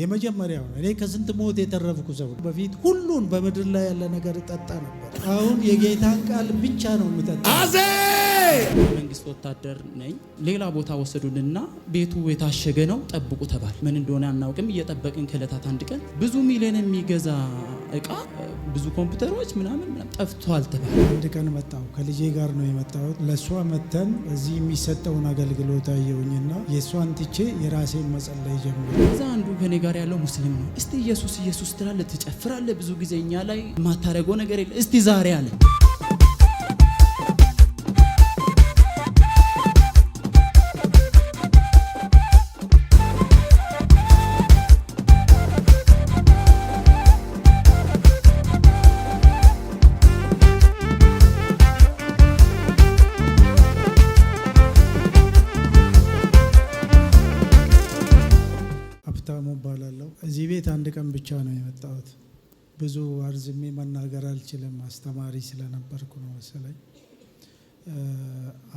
የመጀመሪያው ነው። እኔ ከስንት ሞት የተረፍኩ ሰው። በፊት ሁሉን በምድር ላይ ያለ ነገር እጠጣ ነበር። አሁን የጌታን ቃል ብቻ ነው የምጠጣ። መንግስት ወታደር ነኝ፣ ሌላ ቦታ ወሰዱንና ቤቱ የታሸገ ነው ጠብቁ ተባል። ምን እንደሆነ አናውቅም። እየጠበቅን ከእለታት አንድ ቀን ብዙ ሚሊዮን የሚገዛ እቃ፣ ብዙ ኮምፒውተሮች ምናምን ጠፍቷል ተባል። አንድ ቀን መጣሁ ከልጄ ጋር ነው የመጣሁት። ለእሷ መተን እዚህ የሚሰጠውን አገልግሎት አየውኝና የእሷን ትቼ የራሴን መጸለይ ጀምሩ። እዛ አንዱ ከኔ ጋር ያለው ሙስሊም ነው። እስቲ ኢየሱስ ኢየሱስ ትላለ፣ ትጨፍራለ። ብዙ ጊዜ እኛ ላይ የማታደርገው ነገር የለ እስቲ ዛሬ አለ ብቻ ነው የመጣሁት። ብዙ አርዝሜ መናገር አልችልም፣ አስተማሪ ስለነበርኩ ነው መሰለኝ።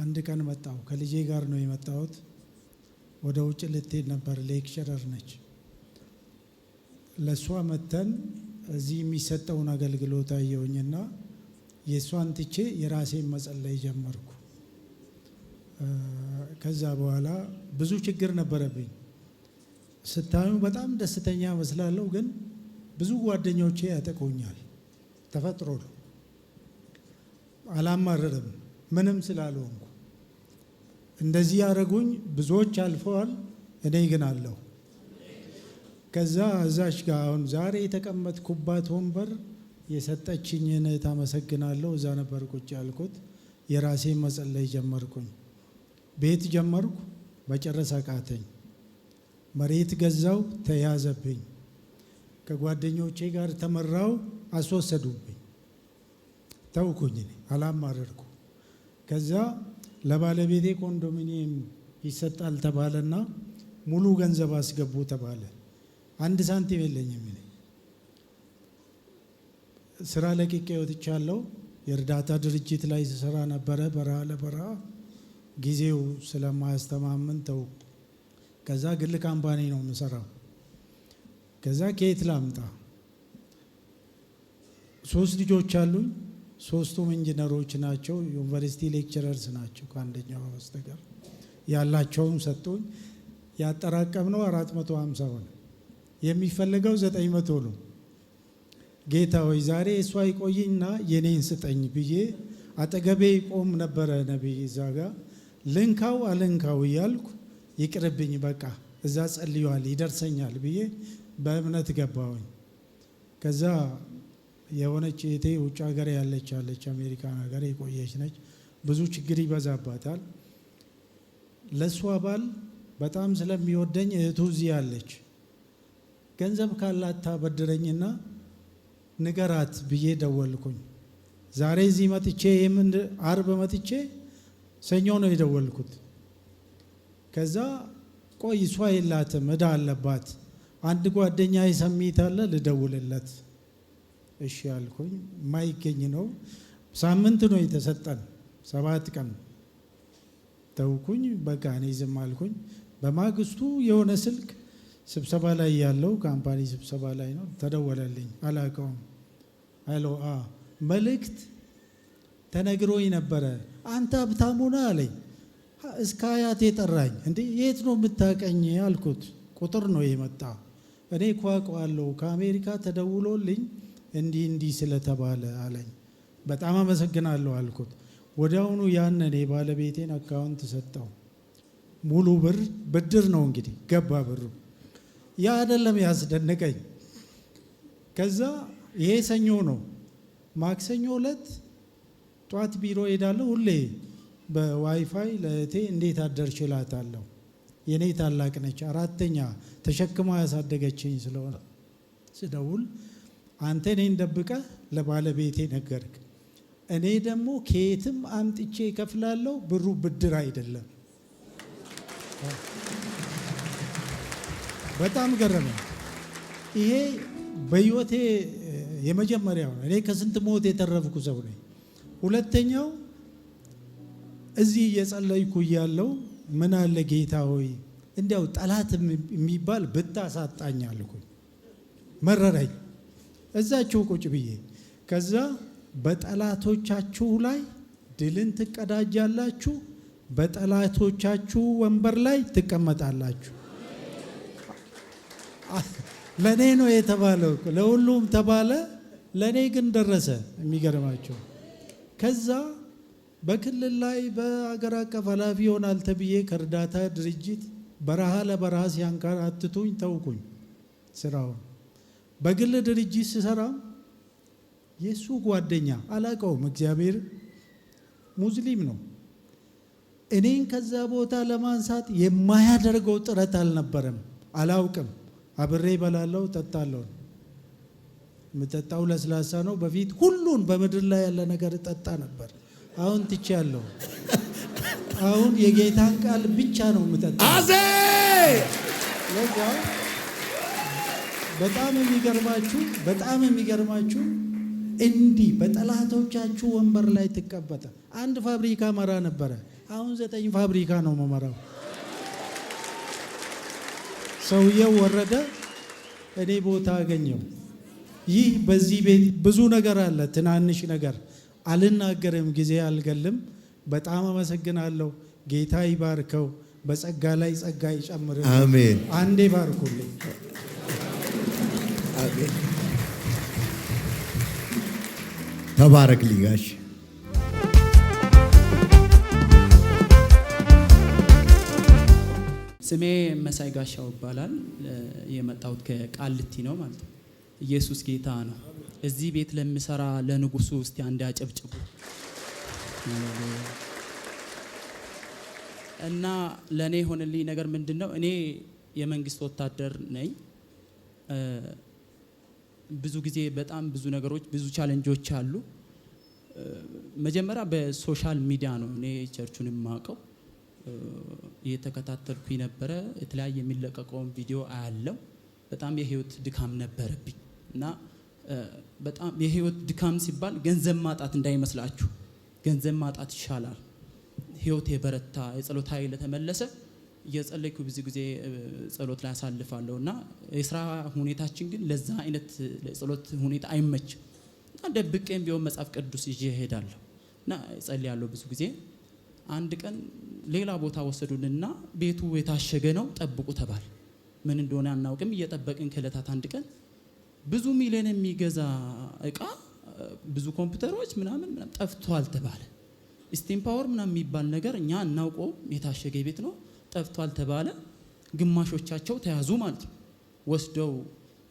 አንድ ቀን መጣሁ። ከልጄ ጋር ነው የመጣሁት። ወደ ውጭ ልትሄድ ነበር፣ ሌክቸረር ነች። ለእሷ መተን እዚህ የሚሰጠውን አገልግሎት አየውኝና የእሷን ትቼ የራሴን መጸለይ ጀመርኩ። ከዛ በኋላ ብዙ ችግር ነበረብኝ። ስታዩ በጣም ደስተኛ መስላለሁ፣ ግን ብዙ ጓደኞቼ ያጠቁኛል። ተፈጥሮ ነው። አላማረርም፣ ምንም ስላልሆንኩ እንደዚህ ያደረጉኝ ብዙዎች አልፈዋል። እኔ ግን አለሁ። ከዛ እዛች ጋር አሁን ዛሬ የተቀመጥኩባት ወንበር የሰጠችኝ እህት አመሰግናለሁ። እዛ ነበር ቁጭ ያልኩት። የራሴ መጸለይ ጀመርኩኝ። ቤት ጀመርኩ፣ መጨረስ አቃተኝ። መሬት ገዛው፣ ተያዘብኝ። ከጓደኞቼ ጋር ተመራው፣ አስወሰዱብኝ። ተውኩኝ፣ አላማረርኩ። ከዛ ለባለቤቴ ኮንዶሚኒየም ይሰጣል ተባለና ሙሉ ገንዘብ አስገቡ ተባለ። አንድ ሳንቲም የለኝም። ስራ ለቅቄ ወጥቻለሁ። የእርዳታ ድርጅት ላይ ስራ ነበረ። በረሃ ለበረሃ ጊዜው ስለማያስተማምን ተውኩ። ከዛ ግል ካምፓኒ ነው የምሰራው። ከዛ ከየት ላምጣ? ሶስት ልጆች አሉኝ። ሶስቱም ኢንጂነሮች ናቸው፣ ዩኒቨርሲቲ ሌክቸረርስ ናቸው ከአንደኛው በስተቀር። ያላቸውም ሰጡኝ። ያጠራቀምነው አራት መቶ ሀምሳ ሆነ። የሚፈለገው ዘጠኝ መቶ ነው። ጌታ ሆይ ዛሬ እሷ ይቆይና የኔን ስጠኝ ብዬ አጠገቤ ቆም ነበረ ነቢይ እዛ ጋ ልንካው አልንካው እያልኩ ይቅርብኝ በቃ እዛ ጸልየዋል ይደርሰኛል ብዬ በእምነት ገባሁኝ። ከዛ የሆነች እህቴ ውጭ ሀገር ያለች አለች፣ አሜሪካን ሀገር የቆየች ነች። ብዙ ችግር ይበዛባታል። ለእሷ ባል በጣም ስለሚወደኝ እህቱ እዚህ ያለች ገንዘብ ካላት ታበድረኝና ንገራት ብዬ ደወልኩኝ። ዛሬ እዚህ መጥቼ አርብ መጥቼ ሰኞ ነው የደወልኩት ከዛ ቆይ እሷ የላትም እዳ አለባት። አንድ ጓደኛ ይሰሚታለ አለ ልደውልለት። እሺ አልኩኝ የማይገኝ ነው። ሳምንት ነው የተሰጠን፣ ሰባት ቀን ተውኩኝ። በቃ እኔ ዝም አልኩኝ። በማግስቱ የሆነ ስልክ ስብሰባ ላይ ያለው ካምፓኒ ስብሰባ ላይ ነው ተደወለልኝ። አላውቀውም። ሄሎ መልእክት ተነግሮኝ ነበረ አንተ ሀብታም አለኝ። እስከ አያቴ ጠራኝ። እንዴ የት ነው የምታቀኝ አልኩት። ቁጥር ነው የመጣ እኔ ኳቋለሁ ከአሜሪካ ተደውሎልኝ እንዲህ እንዲህ ስለተባለ አለኝ። በጣም አመሰግናለሁ አልኩት። ወዲያውኑ ያንን የባለቤቴን አካውንት ሰጠው። ሙሉ ብር ብድር ነው እንግዲህ ገባ ብሩ። ያ አይደለም ያስደነቀኝ። ከዛ ይሄ ሰኞ ነው። ማክሰኞ ዕለት ጧት ቢሮ ሄዳለሁ ሁሌ በዋይፋይ ለእህቴ እንዴት አደርሽ እላታለሁ። የኔ ታላቅ ነች፣ አራተኛ ተሸክማ ያሳደገችኝ ስለሆነ ስደውል አንተ እኔን ደብቀህ ለባለቤቴ ነገርክ። እኔ ደግሞ ከየትም አምጥቼ እከፍላለሁ። ብሩ ብድር አይደለም። በጣም ገረመኝ። ይሄ በህይወቴ የመጀመሪያው ነው። እኔ ከስንት ሞት የተረፍኩ ሰው ነኝ። ሁለተኛው እዚህ እየጸለይኩ እያለው ምን አለ ጌታ ሆይ እንዲያው ጠላት የሚባል ብታሳጣኝ አልኩኝ። መረረኝ እዛችሁ ቁጭ ብዬ። ከዛ በጠላቶቻችሁ ላይ ድልን ትቀዳጃላችሁ፣ በጠላቶቻችሁ ወንበር ላይ ትቀመጣላችሁ። ለእኔ ነው የተባለው፣ ለሁሉም ተባለ፣ ለእኔ ግን ደረሰ። የሚገርማቸው ከዛ በክልል ላይ በአገር አቀፍ ኃላፊ ይሆናል ተብዬ ከእርዳታ ድርጅት በረሃ ለበረሃ አትቱኝ ተውኩኝ። ስራውን በግል ድርጅት ስሰራ የእሱ ጓደኛ አላቀውም፣ እግዚአብሔር ሙስሊም ነው። እኔን ከዛ ቦታ ለማንሳት የማያደርገው ጥረት አልነበረም። አላውቅም፣ አብሬ በላለው ጠጣለሁ። የምጠጣው ለስላሳ ነው። በፊት ሁሉን በምድር ላይ ያለ ነገር ጠጣ ነበር። አሁን ትቻለሁ። አሁን የጌታን ቃል ብቻ ነው የምጠጣው። አዜ በጣም የሚገርማችሁ በጣም የሚገርማችሁ እንዲህ በጠላቶቻችሁ ወንበር ላይ ትቀበጠ። አንድ ፋብሪካ መራ ነበረ። አሁን ዘጠኝ ፋብሪካ ነው መመራው። ሰውየው ወረደ፣ እኔ ቦታ አገኘው። ይህ በዚህ ቤት ብዙ ነገር አለ፣ ትናንሽ ነገር አልናገርም፣ ጊዜ አልገልም። በጣም አመሰግናለሁ። ጌታ ይባርከው፣ በጸጋ ላይ ጸጋ ይጨምር። አሜን። አንዴ ባርኩልኝ። ተባረክ ልጋሽ። ስሜ መሳይ ጋሻው ይባላል። የመጣሁት ከቃልቲ ነው ማለት ነው። ኢየሱስ ጌታ ነው። እዚህ ቤት ለሚሰራ ለንጉሱ እስቲ አንድ እና ለእኔ የሆነልኝ ነገር ምንድን ነው? እኔ የመንግስት ወታደር ነኝ። ብዙ ጊዜ በጣም ብዙ ነገሮች፣ ብዙ ቻለንጆች አሉ። መጀመሪያ በሶሻል ሚዲያ ነው እኔ ቸርቹን የማውቀው። እየተከታተልኩ ነበረ። የተለያየ የሚለቀቀውን ቪዲዮ አያለው። በጣም የህይወት ድካም ነበረብኝ እና በጣም የህይወት ድካም ሲባል ገንዘብ ማጣት እንዳይመስላችሁ። ገንዘብ ማጣት ይሻላል። ህይወት የበረታ የጸሎት ኃይል ለተመለሰ እየጸለይኩ ብዙ ጊዜ ጸሎት ላይ አሳልፋለሁ እና የስራ ሁኔታችን ግን ለዛ አይነት ጸሎት ሁኔታ አይመችም እና ደብቄም ቢሆን መጽሐፍ ቅዱስ ይዤ እሄዳለሁ እና እጸልያለሁ ብዙ ጊዜ። አንድ ቀን ሌላ ቦታ ወሰዱንና ቤቱ የታሸገ ነው ጠብቁ ተባል። ምን እንደሆነ አናውቅም። እየጠበቅን ከዕለታት አንድ ቀን ብዙ ሚሊዮን የሚገዛ እቃ ብዙ ኮምፒውተሮች ምናምን ጠፍቷል ተባለ። ስቲም ፓወር ምናምን የሚባል ነገር እኛ እናውቀው፣ የታሸገ ቤት ነው ጠፍቷል ተባለ። ግማሾቻቸው ተያዙ ማለት ነው። ወስደው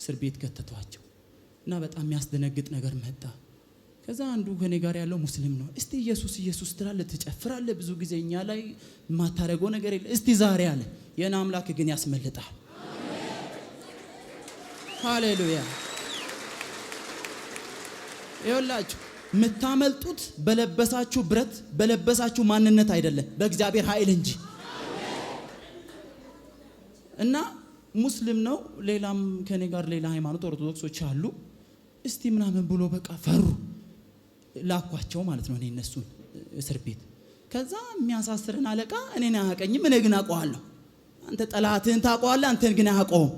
እስር ቤት ከተቷቸው እና በጣም የሚያስደነግጥ ነገር መጣ። ከዛ አንዱ ከኔ ጋር ያለው ሙስሊም ነው። እስቲ ኢየሱስ ኢየሱስ ትላለ፣ ትጨፍራለ፣ ብዙ ጊዜ እኛ ላይ የማታደርገው ነገር የለ እስቲ ዛሬ አለ የኔ አምላክ ግን ያስመልጣል ሃሌሉያ። ይኸውላችሁ የምታመልጡት በለበሳችሁ ብረት በለበሳችሁ ማንነት አይደለም፣ በእግዚአብሔር ኃይል እንጂ እና ሙስሊም ነው። ሌላም ከኔ ጋር ሌላ ሃይማኖት ኦርቶዶክሶች አሉ። እስቲ ምናምን ብሎ በቃ ፈሩ ላኳቸው ማለት ነው እኔ እነሱን እስር ቤት። ከዛ የሚያሳስርን አለቃ እኔን አያውቀኝም፣ እኔ ግን አውቀዋለሁ። አንተ ጠላትህን ታውቀዋለህ፣ አንተን ግን አያውቀውም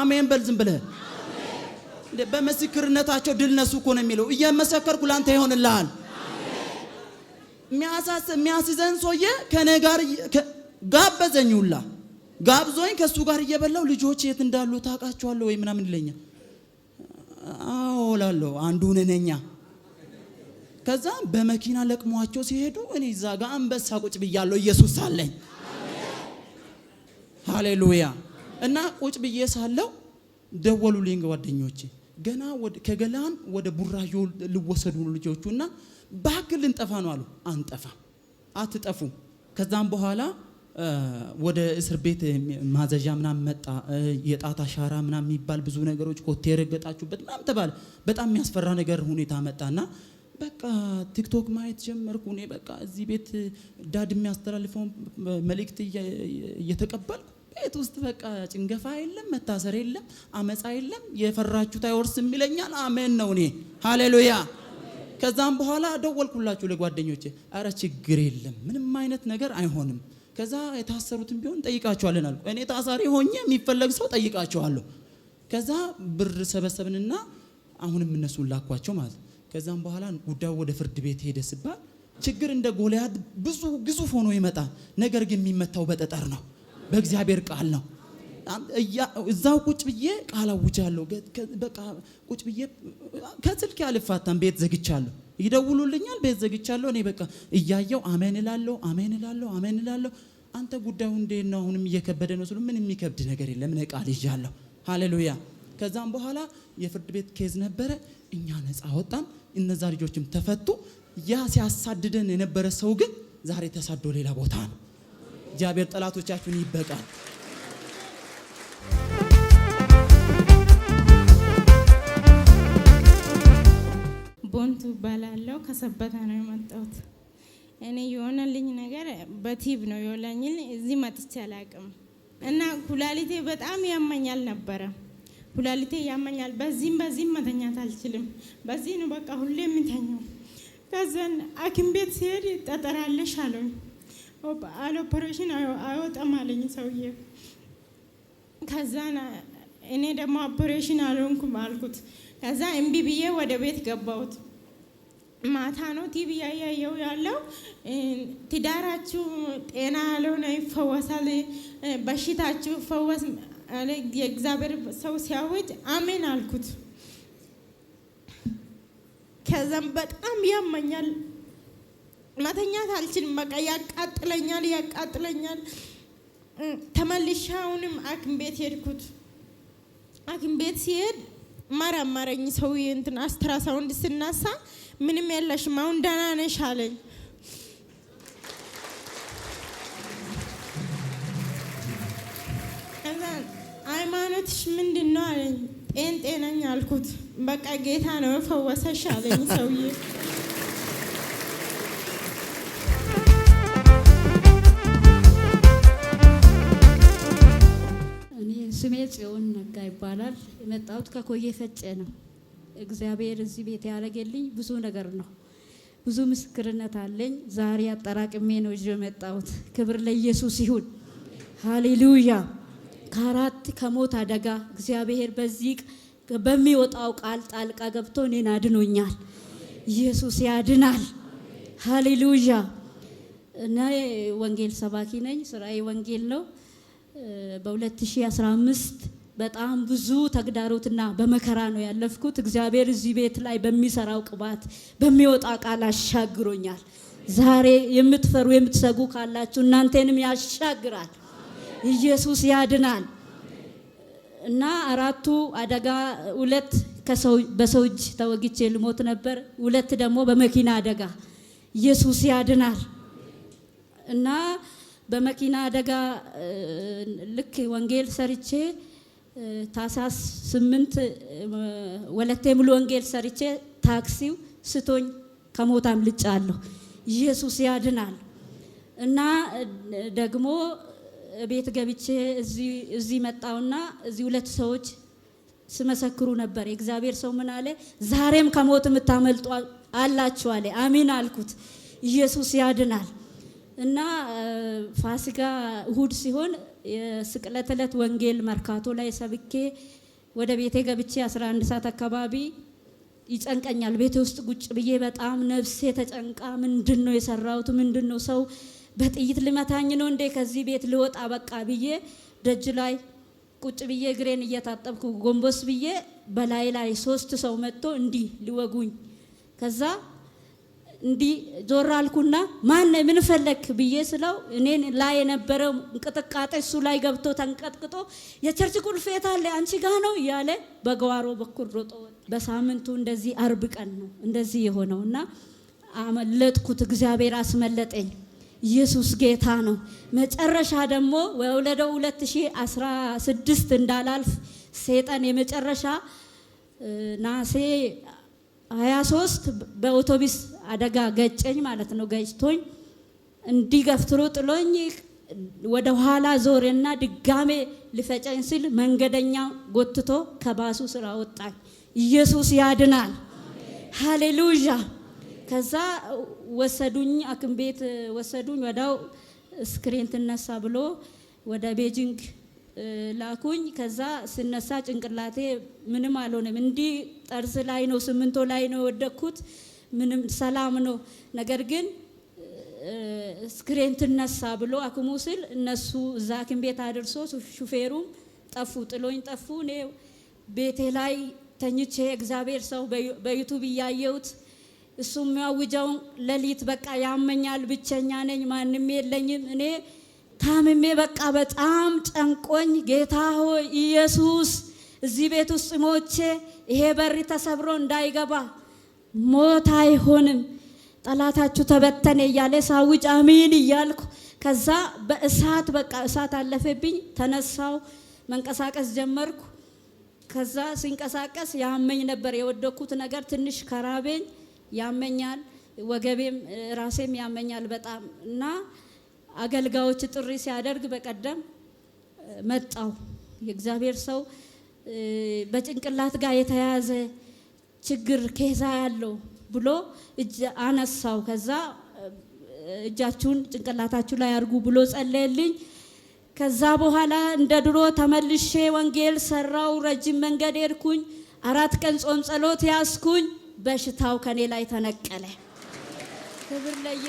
አሜን በል ዝም ብለህ በምስክርነታቸው ድል ነሱ እኮ ነው የሚለው። እየመሰከርኩ ላንተ ይሆንልሃል። የሚያስዘን ሰውዬ ከኔ ጋር ጋበዘኝ ሁላ ጋብዞኝ ከእሱ ጋር እየበላው ልጆች የት እንዳሉ ታውቃቸዋለሁ ወይ ምናምን ይለኛል። አዎ እላለሁ። አንዱን ነኛ ከዛ በመኪና ለቅሟቸው ሲሄዱ እኔ እዛ ጋር አንበሳ ቁጭ ብያለሁ። ኢየሱስ አለኝ። ሃሌሉያ እና ቁጭ ብዬ ሳለው ደወሉልኝ ጓደኞቼ ገና ከገላን ወደ ቡራዮ ልወሰዱ ልጆቹ እና በሀክል ልንጠፋ ነው አሉ። አንጠፋ አትጠፉ። ከዛም በኋላ ወደ እስር ቤት ማዘዣ ምናምን መጣ። የጣት አሻራ ምናምን የሚባል ብዙ ነገሮች፣ ኮቴ የረገጣችሁበት ምናምን ተባለ። በጣም የሚያስፈራ ነገር ሁኔታ መጣ መጣና በቃ ቲክቶክ ማየት ጀመርኩ። እኔ በቃ እዚህ ቤት ዳድ የሚያስተላልፈውን መልእክት እየተቀበልኩ ቤት ውስጥ በቃ ጭንገፋ የለም፣ መታሰር የለም፣ አመፃ የለም። የፈራችሁት አይወርስም ይለኛል። አሜን ነው እኔ ሃሌሉያ። ከዛም በኋላ ደወልኩላችሁ ለጓደኞቼ፣ አረ ችግር የለም ምንም አይነት ነገር አይሆንም። ከዛ የታሰሩትን ቢሆን ጠይቃቸዋለን አልኩ። እኔ ታሳሪ ሆኜ የሚፈለግ ሰው ጠይቃቸዋለሁ። ከዛ ብር ሰበሰብንና አሁንም እነሱን ላኳቸው ማለት። ከዛም በኋላ ጉዳዩ ወደ ፍርድ ቤት ሄደ ሲባል ችግር እንደ ጎልያድ ብዙ ግዙፍ ሆኖ ይመጣል። ነገር ግን የሚመታው በጠጠር ነው። በእግዚአብሔር ቃል ነው። እዛው ቁጭ ብዬ ቃል አውጃለሁ። በቃ ቁጭ ብዬ ከስልክ አልፋታም። ቤት ዘግቻለሁ። ይደውሉልኛል። ቤት ዘግቻለሁ። እኔ በቃ እያየው አሜን እላለሁ፣ አሜን እላለሁ፣ አሜን እላለሁ። አንተ ጉዳዩ እንዴት ነው? አሁንም እየከበደ ነው ስሉ ምን የሚከብድ ነገር የለም እኔ ቃል ይዣለሁ። ሃሌሉያ። ከዛም በኋላ የፍርድ ቤት ኬዝ ነበረ። እኛ ነፃ ወጣን፣ እነዛ ልጆችም ተፈቱ። ያ ሲያሳድደን የነበረ ሰው ግን ዛሬ ተሳዶ ሌላ ቦታ ነው። እግዚአብሔር ጠላቶቻችሁን ይበቃል። ቦንቱ እባላለሁ። ከሰበታ ነው የመጣሁት። እኔ የሆነልኝ ነገር በቲብ ነው የሆነልኝ። እዚህ መጥቼ አላውቅም እና ኩላሊቴ በጣም ያመኛል ነበረ። ኩላሊቴ ያመኛል። በዚህም በዚህም መተኛት አልችልም። በዚህ ነው በቃ ሁሌ የምተኛው። ከዘን ሐኪም ቤት ሲሄድ ጠጠራለሽ አለኝ። አለ ኦፐሬሽን አይወጣም አለኝ ሰውዬ። ከዛ እኔ ደግሞ ኦፐሬሽን አልሆንኩም አልኩት። ከዛ እምቢ ብዬ ወደ ቤት ገባሁት። ማታ ነው ቲቪ ያያየው ያለው ትዳራችሁ ጤና ያለሆነ ይፈወሳል፣ በሽታችሁ ፈወስ የእግዚአብሔር ሰው ሲያወጅ አሜን አልኩት። ከዛም በጣም ያመኛል መተኛት አልችልም። በቃ ያቃጥለኛል፣ ያቃጥለኛል። ተመልሻውንም አክም ቤት ሄድኩት። አክም ቤት ሲሄድ መረመረኝ። ሰውዬ እንትን አስትራሳውንድ ስናሳ ምንም የለሽም አሁን ደህና ነሽ አለኝ። ሃይማኖትሽ ምንድን ነው አለኝ። ጤነኝ አልኩት። በቃ ጌታ ነው ፈወሰሽ አለኝ ሰውዬ ስሜ ጽዮን ነጋ ይባላል። የመጣሁት ከኮዬ ፈጨ ነው። እግዚአብሔር እዚህ ቤት ያደረገልኝ ብዙ ነገር ነው። ብዙ ምስክርነት አለኝ። ዛሬ አጠራቅሜ ነው ይዤ የመጣሁት። ክብር ለኢየሱስ ይሁን። ሃሌሉያ። ከአራት ከሞት አደጋ እግዚአብሔር በዚህ በሚወጣው ቃል ጣልቃ ገብቶ እኔን አድኖኛል። ኢየሱስ ያድናል። ሃሌሉያ። እኔ ወንጌል ሰባኪ ነኝ። ስራዬ ወንጌል ነው። በ2015 በጣም ብዙ ተግዳሮትና በመከራ ነው ያለፍኩት። እግዚአብሔር እዚህ ቤት ላይ በሚሰራው ቅባት በሚወጣ ቃል አሻግሮኛል። ዛሬ የምትፈሩ የምትሰጉ ካላችሁ እናንተንም ያሻግራል። ኢየሱስ ያድናል። እና አራቱ አደጋ ሁለት በሰው እጅ ተወግቼ ልሞት ነበር፣ ሁለት ደግሞ በመኪና አደጋ ኢየሱስ ያድናል እና በመኪና አደጋ ልክ ወንጌል ሰርቼ ታህሳስ ስምንት ወለቴ ሙሉ ወንጌል ሰርቼ ታክሲው ስቶኝ ከሞት አምልጫለሁ። ኢየሱስ ያድናል። እና ደግሞ ቤት ገብቼ እዚህ መጣውና እዚህ ሁለት ሰዎች ስመሰክሩ ነበር። የእግዚአብሔር ሰው ምን አለ? ዛሬም ከሞት የምታመልጡ አላችሁ አለ። አሚን አልኩት። ኢየሱስ ያድናል። እና ፋሲካ እሁድ ሲሆን የስቅለት ዕለት ወንጌል መርካቶ ላይ ሰብኬ ወደ ቤቴ ገብቼ 11 ሰዓት አካባቢ ይጨንቀኛል። ቤቴ ውስጥ ጉጭ ብዬ በጣም ነፍሴ ተጨንቃ ምንድን ነው የሰራሁት? ምንድን ነው ሰው በጥይት ልመታኝ ነው እንዴ? ከዚህ ቤት ልወጣ በቃ ብዬ ደጅ ላይ ቁጭ ብዬ እግሬን እየታጠብኩ ጎንበስ ብዬ በላይ ላይ ሶስት ሰው መጥቶ እንዲህ ሊወጉኝ ከዛ እንዲህ ዞር አልኩና ማነህ ምን ፈለክ ብዬ ስለው እኔን ላይ የነበረው እንቅጥቃጤ እሱ ላይ ገብቶ ተንቀጥቅጦ የቸርች ቁልፍ አለ አንቺ ጋ ነው እያለ በጓሮ በኩል ሮጦ በሳምንቱ እንደዚህ አርብ ቀን ነው እንደዚህ የሆነው እና አመለጥኩት። እግዚአብሔር አስመለጠኝ። ኢየሱስ ጌታ ነው። መጨረሻ ደግሞ ወለደው 2016 እንዳላልፍ ሰይጣን የመጨረሻ ናሴ 23 በአውቶቢስ አደጋ ገጨኝ ማለት ነው። ገጭቶኝ እንዲህ ጥሎኝ ወደ ኋላ ዞሬና ድጋሜ ልፈጨኝ ስል መንገደኛ ጎትቶ ከባሱ ስራ ወጣኝ። ኢየሱስ ያድናል። ሃሌሉያ። ከዛ ወሰዱኝ፣ አክም ቤት ወሰዱኝ። ወዳው ስክሪን ትነሳ ብሎ ወደ ቤጂንግ ላኩኝ። ከዛ ስነሳ ጭንቅላቴ ምንም አልሆነም። እንዲህ ጠርዝ ላይ ነው፣ ስምንቶ ላይ ነው የወደቅኩት። ምንም ሰላም ነው። ነገር ግን ስክሬን ትነሳ ብሎ አክሙ ስል እነሱ እዛ ሐኪም ቤት አድርሶ ሹፌሩም ጠፉ፣ ጥሎኝ ጠፉ። እኔ ቤቴ ላይ ተኝቼ እግዚአብሔር ሰው በዩቱብ እያየሁት እሱ የሚያውጀውን ሌሊት በቃ ያመኛል፣ ብቸኛ ነኝ፣ ማንም የለኝም። እኔ ታምሜ በቃ በጣም ጨንቆኝ ጌታ ሆይ ኢየሱስ እዚህ ቤት ውስጥ ሞቼ ይሄ በር ተሰብሮ እንዳይገባ ሞት አይሆንም፣ ጠላታችሁ ተበተነ እያለ ሳውጭ አሜን እያልኩ ከዛ በእሳት በቃ እሳት አለፈብኝ። ተነሳው መንቀሳቀስ ጀመርኩ። ከዛ ሲንቀሳቀስ ያመኝ ነበር። የወደኩት ነገር ትንሽ ከራቤኝ ያመኛል፣ ወገቤም ራሴም ያመኛል በጣም እና አገልጋዮች ጥሪ ሲያደርግ በቀደም መጣው የእግዚአብሔር ሰው በጭንቅላት ጋር የተያያዘ ችግር ከዛ ያለው ብሎ አነሳው። ከዛ እጃችሁን ጭንቅላታችሁ ላይ አድርጉ ብሎ ጸለየልኝ። ከዛ በኋላ እንደ ድሮ ተመልሼ ወንጌል ሰራው። ረጅም መንገድ ሄድኩኝ። አራት ቀን ጾም ጸሎት ያስኩኝ። በሽታው ከኔ ላይ ተነቀለ። ክብር ለየ